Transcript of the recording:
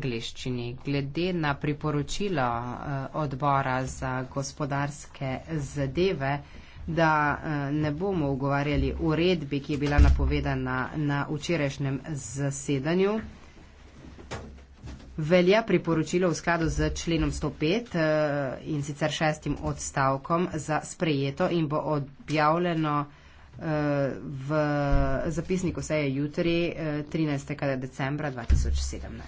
angliščini. Glede na priporočilo eh, odbora za gospodarske zadeve, da eh, ne bomo ugovarjali uredbi, ki je bila napovedana na včerajšnjem zasedanju, velja priporočilo v skladu z členom 105 eh, in sicer šestim odstavkom za sprejeto in bo objavljeno v zapisniku seje jutri 13. decembra 2017.